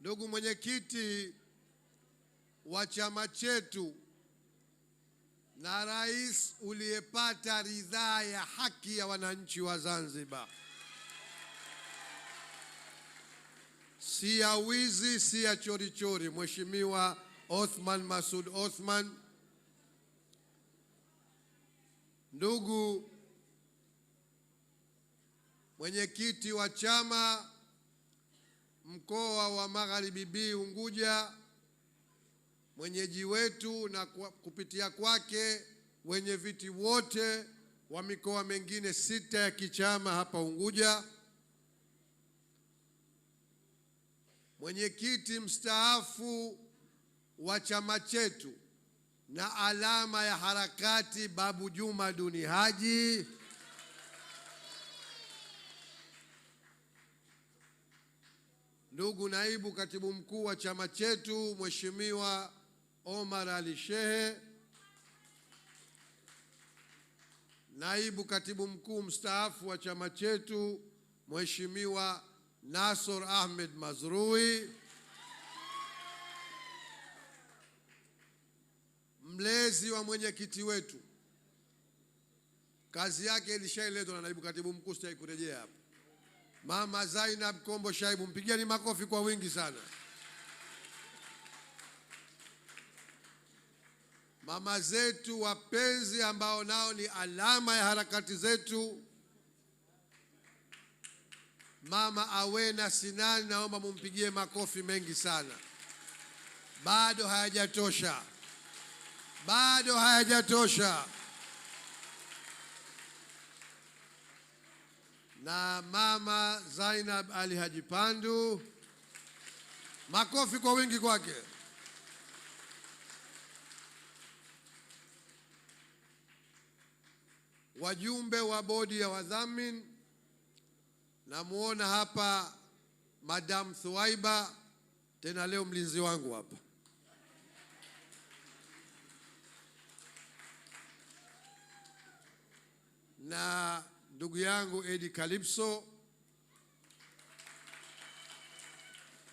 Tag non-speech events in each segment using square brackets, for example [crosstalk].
Ndugu mwenyekiti wa chama chetu na rais uliyepata ridhaa ya haki ya wananchi wa Zanzibar, si ya wizi, si ya chorichori, Mheshimiwa Othman Masud Othman, ndugu mwenyekiti wa chama mkoa wa Magharibi B Unguja, mwenyeji wetu na kupitia kwake wenye viti wote wa mikoa mengine sita ya kichama hapa Unguja, mwenyekiti mstaafu wa chama chetu na alama ya harakati Babu Juma Duni Haji. ndugu naibu katibu mkuu wa chama chetu Mheshimiwa Omar Ali Shehe, naibu katibu mkuu mstaafu wa chama chetu Mheshimiwa Nasor Ahmed Mazrui, mlezi wa mwenyekiti wetu. Kazi yake ilishaelezwa na naibu katibu mkuu, sitaki kurejea hapa. Mama Zainab Kombo Shaibu, mpigieni makofi kwa wingi sana. Mama zetu wapenzi, ambao nao ni alama ya harakati zetu, Mama Awena Sinani, naomba mumpigie makofi mengi sana. Bado hayajatosha, bado hayajatosha. na mama Zainab Ali Haji Pandu. Makofi kwa wingi kwake. Wajumbe wa bodi ya wadhamini, namuona hapa Madam Thuwaiba, tena leo mlinzi wangu hapa. Na ndugu yangu Edi Kalipso,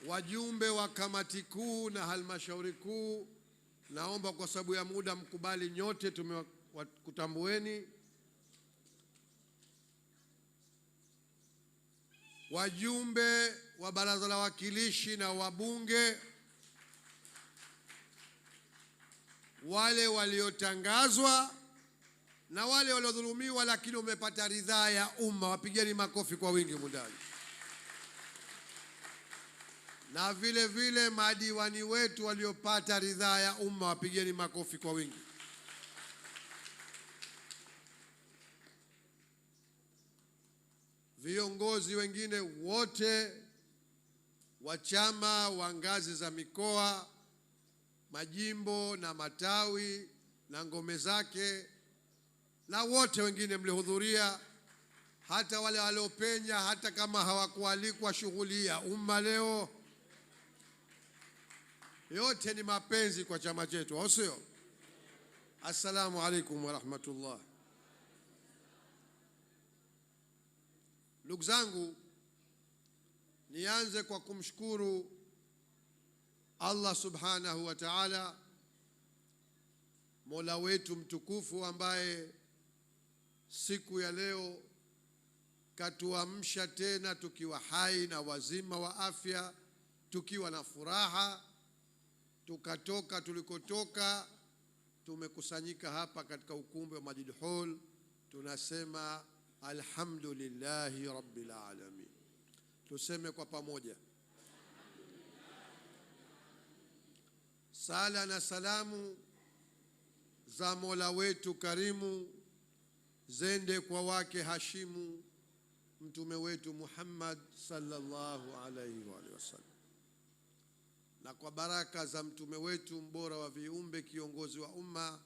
wajumbe wa kamati kuu na halmashauri kuu, naomba kwa sababu ya muda mkubali nyote, tumekutambueni. Wajumbe wa baraza la wawakilishi na wabunge, wale waliotangazwa na wale waliodhulumiwa, lakini umepata ridhaa ya umma. Wapigeni makofi kwa wingi mundani. Na vile vile madiwani wetu waliopata ridhaa ya umma, wapigeni makofi kwa wingi. Viongozi wengine wote wa chama wa ngazi za mikoa, majimbo na matawi na ngome zake na wote wengine mlihudhuria, hata wale waliopenya, hata kama hawakualikwa shughuli ya umma leo. Yote ni mapenzi kwa chama chetu, au sio? Assalamu alaikum warahmatullah. Ndugu zangu, nianze kwa kumshukuru Allah subhanahu wa ta'ala, mola wetu mtukufu ambaye siku ya leo katuamsha tena tukiwa hai na wazima wa afya, tukiwa na furaha, tukatoka tulikotoka, tumekusanyika hapa katika ukumbi wa Majid Hall, tunasema alhamdulillahi rabbil alamin. Tuseme kwa pamoja, sala na salamu za Mola wetu karimu zende kwa wake Hashimu mtume wetu Muhammad sallallahu alaihi wa alihi wasallam, na kwa baraka za mtume wetu mbora wa viumbe, kiongozi wa umma,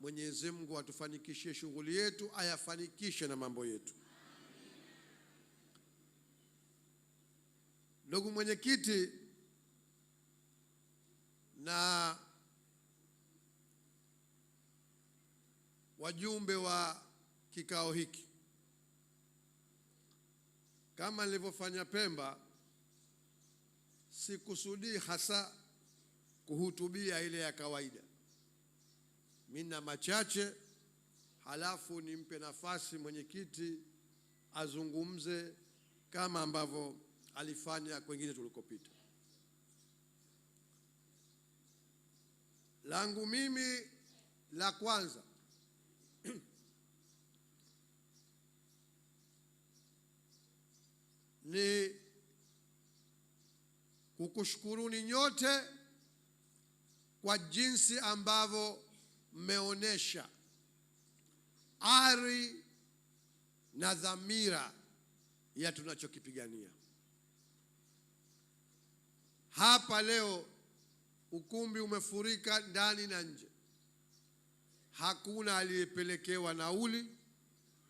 Mwenyezi Mungu atufanikishie shughuli yetu, ayafanikishe na mambo yetu. Ndugu mwenyekiti na wajumbe wa kikao hiki. Kama nilivyofanya Pemba, sikusudii hasa kuhutubia ile ya kawaida. mina machache, halafu nimpe nafasi mwenyekiti azungumze kama ambavyo alifanya kwengine tulikopita. Langu mimi la kwanza ni kukushukuruni nyote kwa jinsi ambavyo mmeonyesha ari na dhamira ya tunachokipigania. Hapa leo ukumbi umefurika ndani na nje, hakuna aliyepelekewa nauli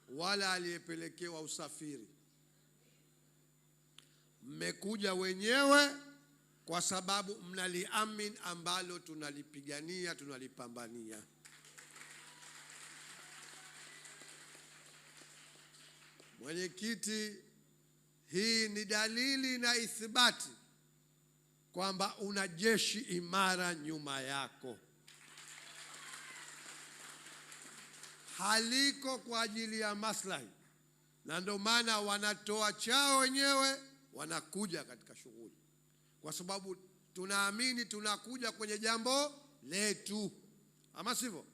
wala aliyepelekewa usafiri mmekuja wenyewe kwa sababu mnaliamin ambalo tunalipigania, tunalipambania. Mwenyekiti, hii ni dalili na ithibati kwamba una jeshi imara nyuma yako, haliko kwa ajili ya maslahi, na ndio maana wanatoa chao wenyewe wanakuja katika shughuli, kwa sababu tunaamini tunakuja kwenye jambo letu, ama sivyo?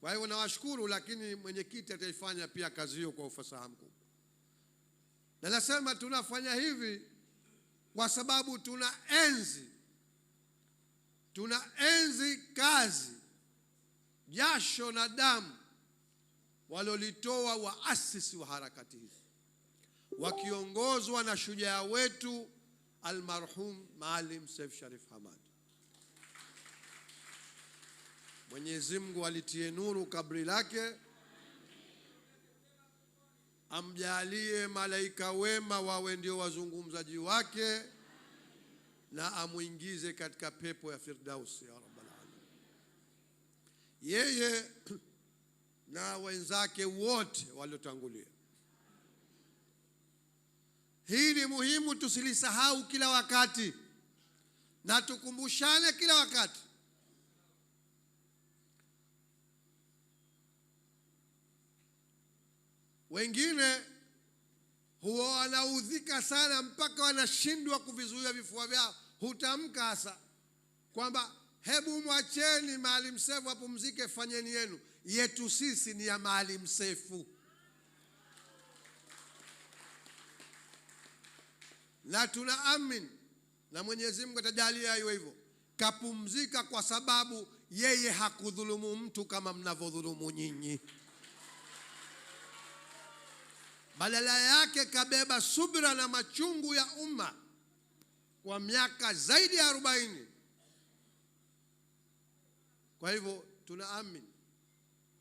Kwa hivyo nawashukuru, lakini mwenyekiti ataifanya pia kazi hiyo kwa ufasaha mkubwa, na nasema tunafanya hivi kwa sababu tunaenzi enzi kazi, jasho na damu walolitoa waasisi wa harakati hizi wakiongozwa na shujaa wetu almarhum Maalim Seif Sharif Hamad. Mwenyezi Mungu alitie nuru kabri lake, amjalie malaika wema wawe ndio wazungumzaji wake, na amwingize katika pepo ya firdaus ya rabbal alamin. Yeye [clears throat] na wenzake wote waliotangulia hii ni muhimu tusilisahau kila wakati, na tukumbushane kila wakati. Wengine huwa wanaudhika sana mpaka wanashindwa kuvizuia vifua vyao. Hutamka hasa kwamba hebu mwacheni Maalim Seif apumzike, fanyeni yenu. Yetu sisi ni ya Maalim Seif. la amin na Mwenyezi Mungu atajalia hiyo hivyo, kapumzika kwa sababu yeye hakudhulumu mtu kama mnavyodhulumu nyinyi. Badala yake kabeba subra na machungu ya umma kwa miaka zaidi ya arobaini. Kwa hivyo tunaamin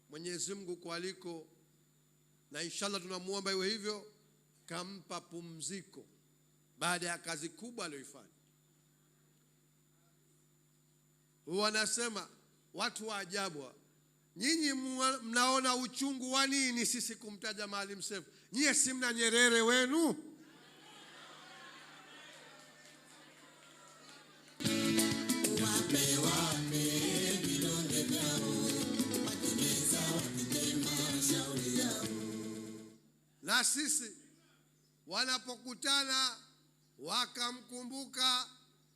Mwenyezi Mungu kwaliko, na inshallah tunamwomba iwe hivyo, kampa pumziko baada ya kazi kubwa aliyoifanya. Wanasema watu wa ajabu, nyinyi mnaona uchungu wa nini sisi kumtaja Maalim Seif? Nyie si mna Nyerere wenu? Na sisi wanapokutana wakamkumbuka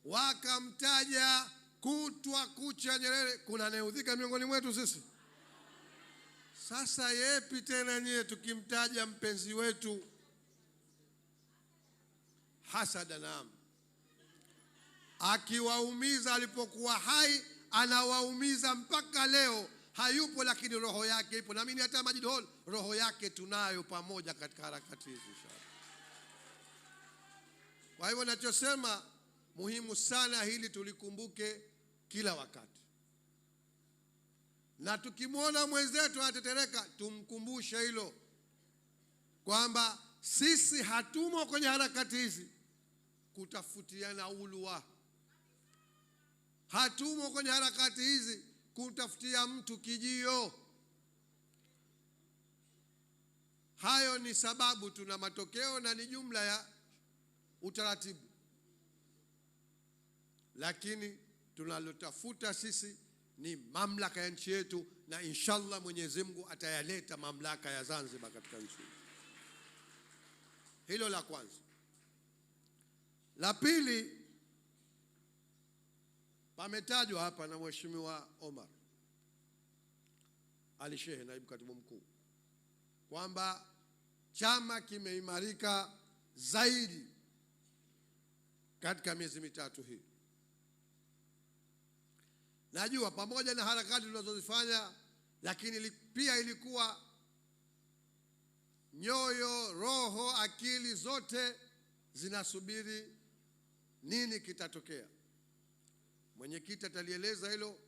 wakamtaja kutwa kucha Nyerere. Kuna anayeudhika miongoni mwetu sisi? Sasa yepi tena nyie tukimtaja mpenzi wetu Hassan Anam akiwaumiza alipokuwa hai, anawaumiza mpaka leo. Hayupo lakini roho yake ipo, naamini hata Majid Hall roho yake tunayo pamoja katika harakati hizi. Kwa hivyo nachosema muhimu sana hili tulikumbuke kila wakati, na tukimwona mwenzetu anatetereka tumkumbushe hilo kwamba sisi hatumo kwenye harakati hizi kutafutiana ulwa, hatumo kwenye harakati hizi kumtafutia mtu kijio. Hayo ni sababu, tuna matokeo na ni jumla ya utaratibu, lakini tunalotafuta sisi ni mamlaka ya nchi yetu, na inshallah Mwenyezi Mungu atayaleta mamlaka ya Zanzibar katika nchi. Hilo la kwanza. La pili, pametajwa hapa na Mheshimiwa Omar Ali Shehe, naibu katibu mkuu, kwamba chama kimeimarika zaidi katika miezi mitatu hii. Najua pamoja na harakati tunazozifanya, lakini pia ilikuwa nyoyo, roho, akili zote zinasubiri nini kitatokea. Mwenyekiti atalieleza hilo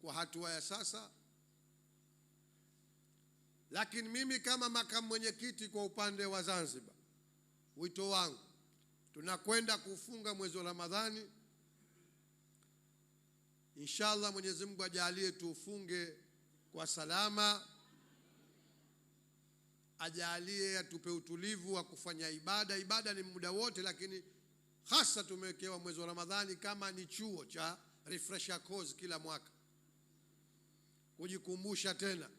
kwa hatua ya sasa, lakini mimi kama makamu mwenyekiti kwa upande wa Zanzibar, wito wangu Tunakwenda kufunga mwezi wa Ramadhani, inshallah Mwenyezi Mungu ajalie tufunge kwa salama, ajalie atupe utulivu wa kufanya ibada. Ibada ni muda wote, lakini hasa tumewekewa mwezi wa Ramadhani kama ni chuo cha refresher course kila mwaka, kujikumbusha tena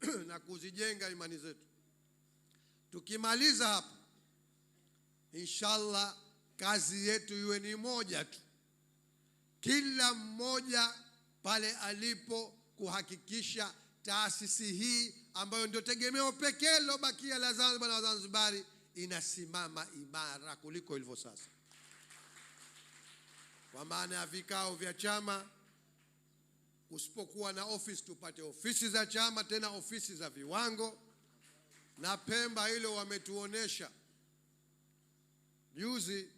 [clears throat] na kuzijenga imani zetu. Tukimaliza hapa Inshallah kazi yetu iwe ni moja tu, kila mmoja pale alipo kuhakikisha taasisi hii ambayo ndio tegemeo pekee lilobakia la Zanzibar na Wazanzibari inasimama imara kuliko ilivyo sasa, kwa maana ya vikao vya chama. Usipokuwa na ofisi, tupate ofisi za chama, tena ofisi za viwango. Na Pemba hilo wametuonesha. Juzi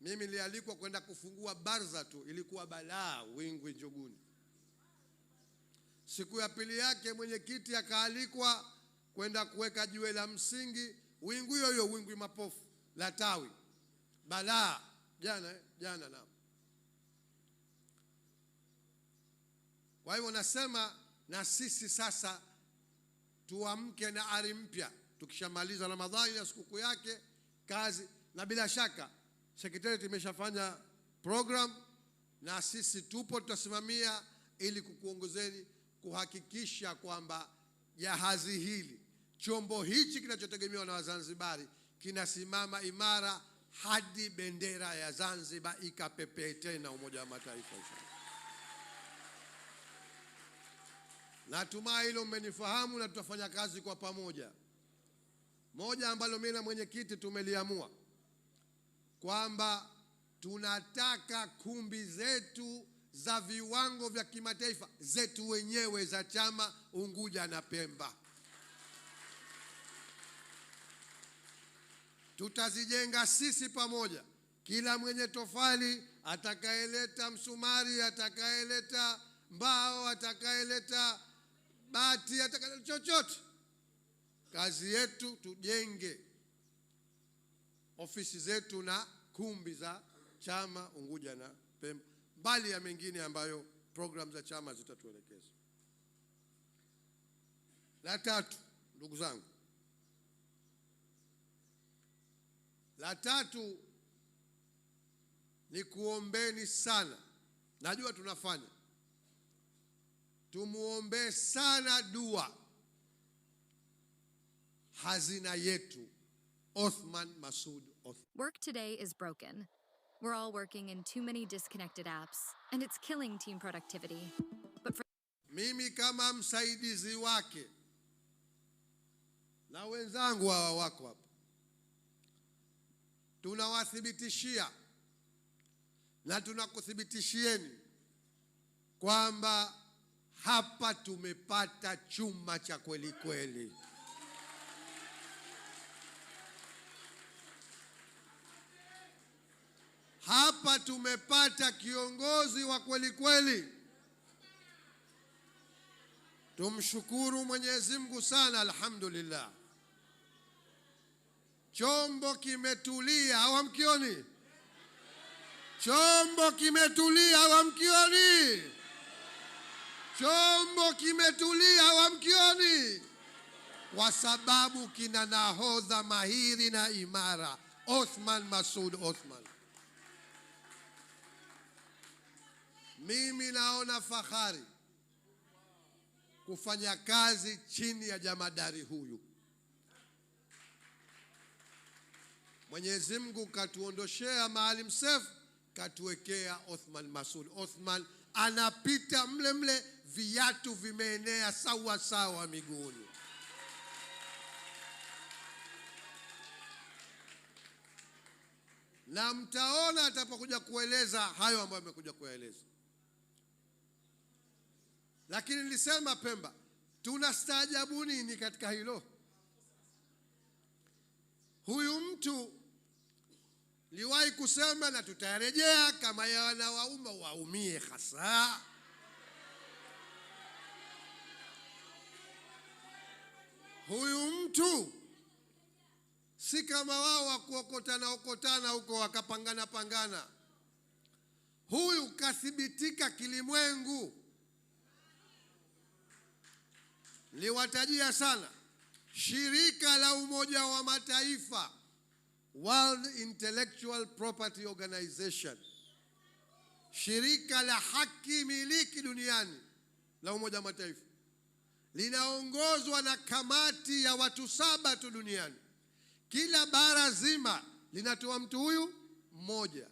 mimi nilialikwa kwenda kufungua barza tu, ilikuwa balaa Wingwi Njuguni. Siku ya pili yake mwenyekiti akaalikwa kwenda kuweka jiwe la msingi hiyo hiyo Wingwi mapofu la tawi balaa jana jana na kwa hivyo nasema na sisi sasa tuamke na ari mpya, tukishamaliza Ramadhani na sikukuu yake kazi na bila shaka sekretarieti imeshafanya program na sisi tupo, tutasimamia ili kukuongozeni kuhakikisha kwamba jahazi hili, chombo hichi kinachotegemewa na Wazanzibari kinasimama imara hadi bendera ya Zanzibar ikapepee tena Umoja wa Mataifa. Natumai hilo mmenifahamu na tutafanya kazi kwa pamoja. Moja ambalo mimi na mwenyekiti tumeliamua kwamba tunataka kumbi zetu za viwango vya kimataifa zetu wenyewe za chama Unguja na Pemba. Tutazijenga sisi pamoja, kila mwenye tofali atakayeleta msumari, atakayeleta mbao, atakayeleta bati, atakaye chochote, kazi yetu tujenge ofisi zetu na kumbi za chama Unguja na Pemba, mbali ya mengine ambayo programu za chama zitatuelekeza. La tatu, ndugu zangu, la tatu ni kuombeni sana, najua tunafanya, tumuombe sana dua hazina yetu Othman Masud Work today is broken. We're all working in too many disconnected apps, and it's killing team productivity. But for mimi kama msaidizi wake na wenzangu hawa wako hapa, tunawathibitishia na tunakuthibitishieni kwamba hapa tumepata chuma cha kweli kweli. Hapa tumepata kiongozi wa kweli kweli. Tumshukuru Mwenyezi Mungu sana, alhamdulillah. Chombo kimetulia hawamkioni Chombo kimetulia hawamkioni Chombo kimetulia hawamkioni Kwa sababu kina nahodha mahiri na imara, Othman Masud Othman. Mimi naona fahari kufanya kazi chini ya jamadari huyu. Mwenyezi Mungu katuondoshea Maalim Seif, katuwekea Othman Masoud. Othman anapita mle mle, viatu vimeenea sawa sawa miguuni. Na mtaona atapokuja kueleza hayo ambayo amekuja kuyaeleza. Lakini nilisema Pemba, tunastaajabu nini katika hilo? Huyu mtu liwahi kusema na tutarejea, kama yana wauma waumie hasa huyu mtu si kama wao kuokotana okotana huko wakapangana pangana. Huyu kathibitika kilimwengu niliwatajia sana shirika la Umoja wa Mataifa, World Intellectual Property Organization, shirika la haki miliki duniani la Umoja wa Mataifa linaongozwa na kamati ya watu saba tu duniani. Kila bara zima linatoa mtu huyu mmoja.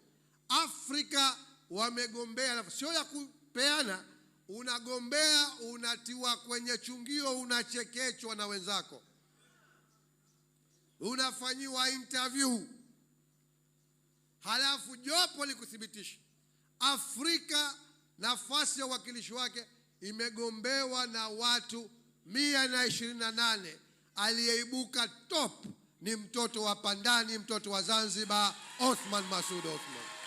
Afrika wamegombea, sio ya kupeana unagombea, unatiwa kwenye chungio, unachekechwa na wenzako, unafanyiwa interview, halafu jopo likuthibitisha. Afrika nafasi ya uwakilishi wake imegombewa na watu mia na ishirini na nane. Aliyeibuka top ni mtoto wa Pandani, mtoto wa Zanzibar, Othman Masud Othman.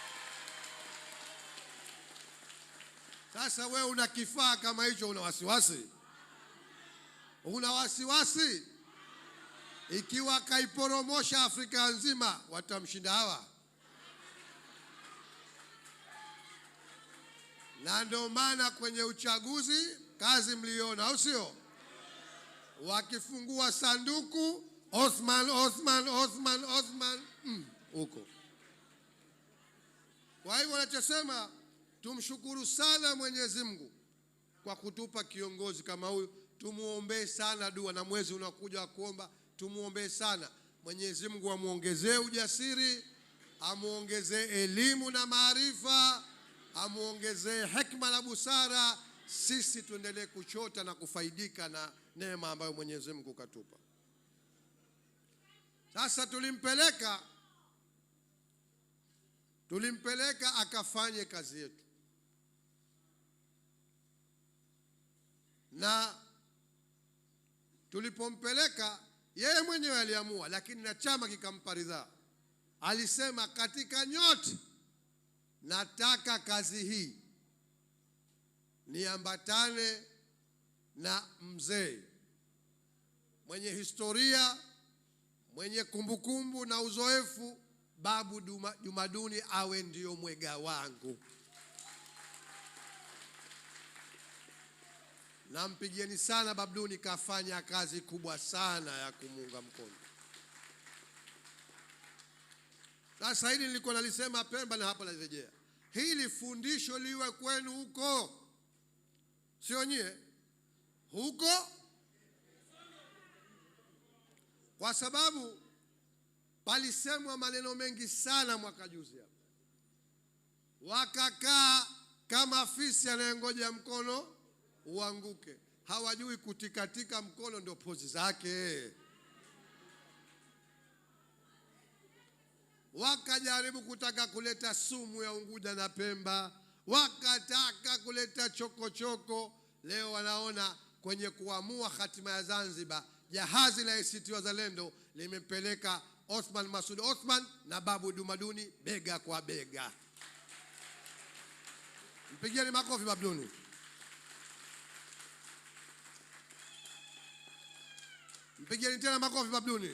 Sasa wewe una kifaa kama hicho, una wasiwasi? Una wasiwasi? Ikiwa kaiporomosha Afrika nzima, watamshinda hawa. Na ndio maana kwenye uchaguzi kazi mliona, au sio? Wakifungua sanduku Osman, Osman, Osman, Osman mm, huko mm. Kwa hivyo wanachosema Tumshukuru sana Mwenyezi Mungu kwa kutupa kiongozi kama huyu. Tumuombee sana dua, na mwezi unakuja wa kuomba, tumuombee sana Mwenyezi Mungu amuongezee ujasiri, amuongezee elimu na maarifa, amuongezee hekima na busara, sisi tuendelee kuchota na kufaidika na neema ambayo Mwenyezi Mungu katupa. Sasa tulimpeleka tulimpeleka akafanye kazi yetu. na tulipompeleka yeye mwenyewe aliamua, lakini na chama kikampa ridhaa. Alisema, katika nyote nataka kazi hii niambatane na mzee mwenye historia, mwenye kumbukumbu kumbu na uzoefu, Babu Jumaduni awe ndiyo mwega wangu. Nampigieni sana Babduni, kafanya kazi kubwa sana ya kumuunga mkono. Sasa hili nilikuwa nalisema Pemba na hapa nalirejea, hili fundisho liwe kwenu huko, sio nyie huko, kwa sababu palisemwa maneno mengi sana mwaka juzi hapa, wakakaa kama fisi anayengoja mkono uanguke. Hawajui kutikatika mkono, ndio pozi zake. Wakajaribu kutaka kuleta sumu ya Unguja na Pemba, wakataka kuleta chokochoko choko. Leo wanaona kwenye kuamua hatima ya Zanzibar, jahazi la ACT Wazalendo limempeleka Othman Masud Othman na Babu Dumaduni bega kwa bega. Mpigieni makofi Babduni. Mpigieni tena makofi Babduni.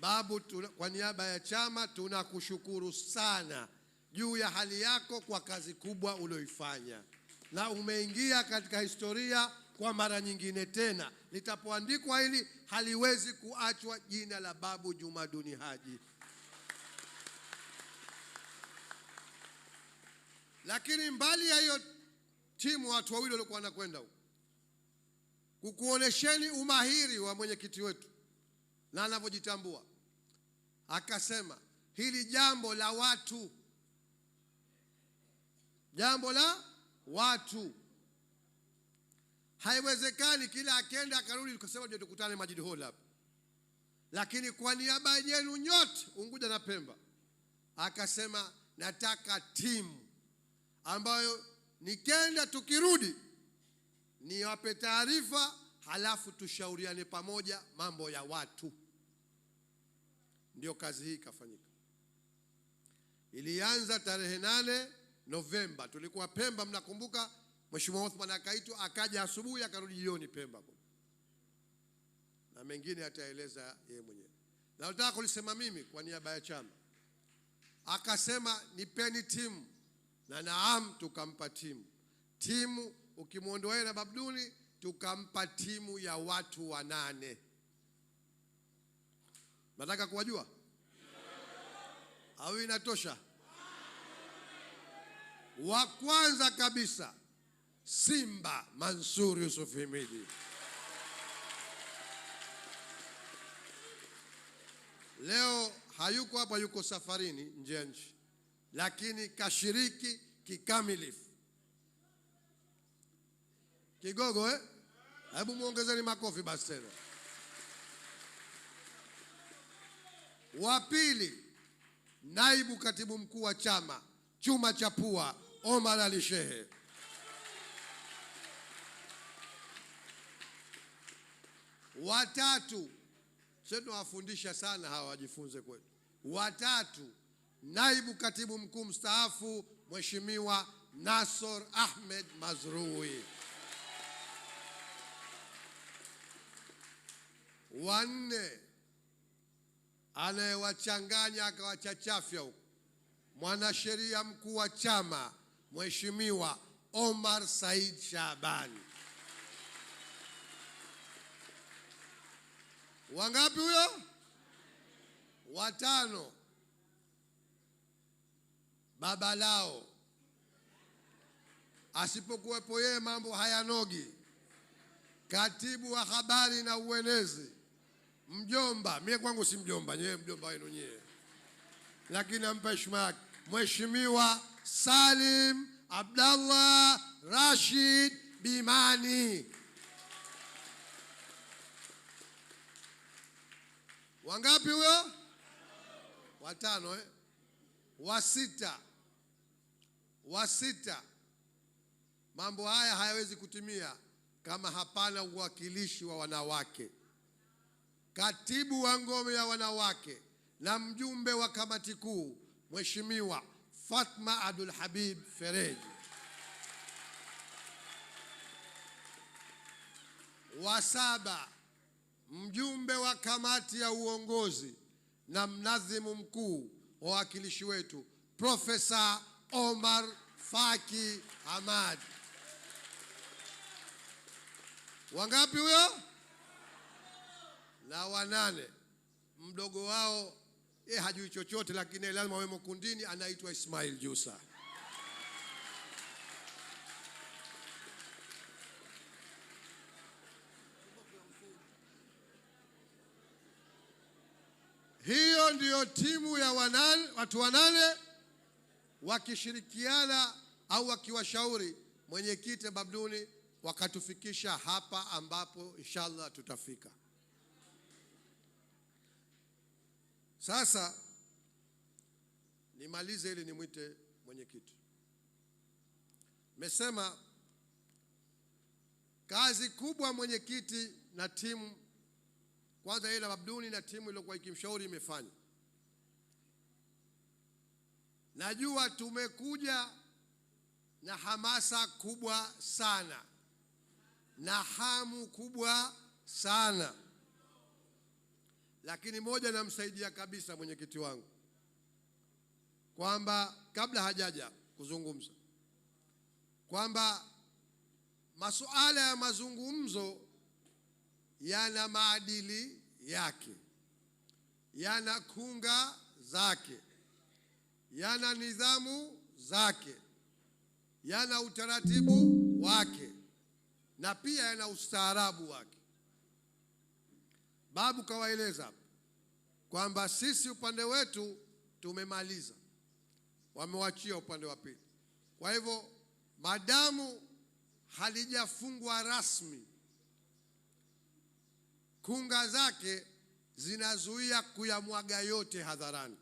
Babu tuna, kwa niaba ya chama tunakushukuru sana juu ya hali yako kwa kazi kubwa ulioifanya, na umeingia katika historia kwa mara nyingine tena. Litapoandikwa hili haliwezi kuachwa jina la Babu Juma Duni Haji. Lakini mbali ya hiyo timu, watu wawili walikuwa wanakwenda huko kukuonesheni umahiri wa mwenyekiti wetu na anavyojitambua. Akasema hili jambo la watu, jambo la watu Haiwezekani kila akenda akarudi ukasema ndio tukutane Majid Hall hapa. Lakini kwa niaba yenu nyote Unguja na Pemba, akasema nataka timu ambayo nikenda tukirudi niwape taarifa, halafu tushauriane pamoja mambo ya watu. Ndio kazi hii ikafanyika. Ilianza tarehe nane Novemba, tulikuwa Pemba, mnakumbuka. Mheshimiwa Othman akaitwa akaja asubuhi akarudi jioni Pemba, na mengine ataeleza yeye mwenyewe. Nataka kulisema mimi kwa niaba ya chama. Akasema nipeni timu na naam, tukampa timu timu. Ukimwondoa na Babduni, tukampa timu ya watu wanane. Nataka kuwajua au inatosha? Wa kwanza kabisa Simba Mansur Yusuf Himidi. Leo hayuko hapa, yuko safarini nje ya nchi lakini kashiriki kikamilifu. Kigogo eh? Hebu muongezeni makofi basi tena. Wa pili, naibu katibu mkuu wa chama chuma cha pua Omar Ali Shehe. Watatu, sio tunawafundisha sana hawa wajifunze kwetu. Watatu naibu katibu mkuu mstaafu Mheshimiwa Nasor Ahmed Mazrui. Wanne, anayewachanganya akawachachafya huko, mwanasheria mkuu wa chama Mheshimiwa Omar Said Shabani. Wangapi huyo? Watano baba lao. Asipokuwepo yeye mambo hayanogi. Katibu wa habari na uenezi, mjomba. Mie kwangu si mjomba, nyewe mjomba wenu nyewe, lakini nampa heshima yake Mheshimiwa Salim Abdallah Rashid Bimani. Wangapi huyo? Watano eh? Wasita wa sita. Mambo haya hayawezi kutimia kama hapana uwakilishi wa wanawake. Katibu wa ngome ya wanawake na mjumbe wa kamati kuu, Mheshimiwa Fatma Abdul Habib Fereji. Wa saba, mjumbe wa kamati ya uongozi na mnadhimu mkuu wa wakilishi wetu Profesa Omar Faki Hamad. Wangapi huyo? Na wanane. Mdogo wao yeye hajui chochote, lakini lazima wemo kundini, anaitwa Ismail Jusa. Hiyo ndiyo timu ya wanane, watu wanane wakishirikiana au wakiwashauri, mwenyekiti Babduni wakatufikisha hapa ambapo inshallah tutafika. Sasa nimalize ili nimwite mwenyekiti. Mesema kazi kubwa mwenyekiti na timu kwanza, yeye na Babduni na timu iliyokuwa ikimshauri imefanya Najua tumekuja na hamasa kubwa sana na hamu kubwa sana, lakini moja namsaidia kabisa mwenyekiti wangu kwamba kabla hajaja kuzungumza kwamba masuala ya mazungumzo yana maadili yake, yana kunga zake yana nidhamu zake, yana utaratibu wake na pia yana ustaarabu wake. Babu kawaeleza kwamba sisi upande wetu tumemaliza, wamewachia upande wa pili. Kwa hivyo madamu halijafungwa rasmi, kunga zake zinazuia kuyamwaga yote hadharani.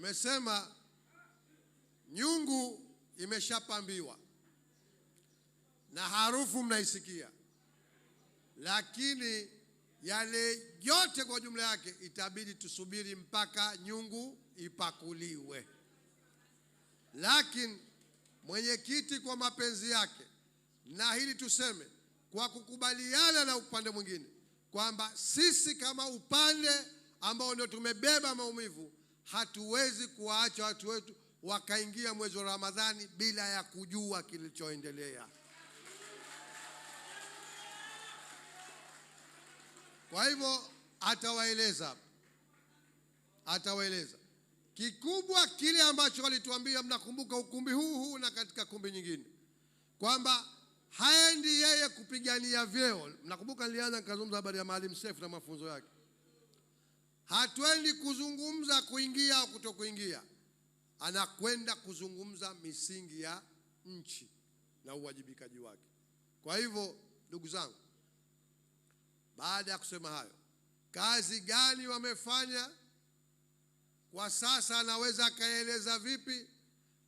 Umesema nyungu imeshapambiwa na harufu mnaisikia, lakini yale yote kwa jumla yake itabidi tusubiri mpaka nyungu ipakuliwe. Lakini mwenyekiti kwa mapenzi yake, na hili tuseme kwa kukubaliana na upande mwingine kwamba sisi kama upande ambao ndio tumebeba maumivu Hatuwezi kuwaacha watu wetu wakaingia mwezi wa Ramadhani bila ya kujua kilichoendelea. Kwa hivyo atawaeleza, atawaeleza kikubwa kile ambacho alituambia. Mnakumbuka ukumbi huu huu na katika kumbi nyingine, kwamba haendi yeye kupigania vyeo. Mnakumbuka nilianza nikazungumza habari ya Maalim Seif na mafunzo yake Hatwendi kuzungumza kuingia au kutokuingia, anakwenda kuzungumza misingi ya nchi na uwajibikaji wake. Kwa hivyo, ndugu zangu, baada ya kusema hayo, kazi gani wamefanya kwa sasa, anaweza akaeleza vipi?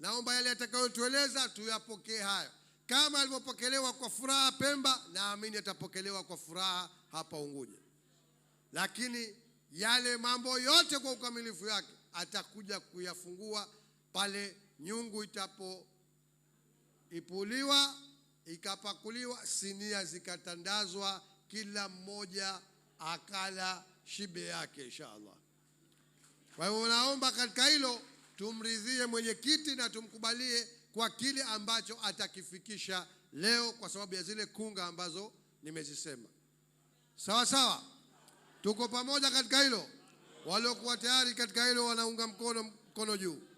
Naomba yale atakayotueleza tuyapokee hayo, kama alivyopokelewa kwa furaha Pemba, naamini atapokelewa kwa furaha hapa Unguja, lakini yale mambo yote kwa ukamilifu yake atakuja kuyafungua pale nyungu itapoipuliwa ikapakuliwa, sinia zikatandazwa, kila mmoja akala shibe yake, insha Allah. Kwa hiyo naomba katika hilo tumridhie mwenyekiti na tumkubalie kwa kile ambacho atakifikisha leo, kwa sababu ya zile kunga ambazo nimezisema. Sawa sawa. Tuko pamoja katika hilo. Waliokuwa tayari katika hilo wanaunga mkono, mkono juu.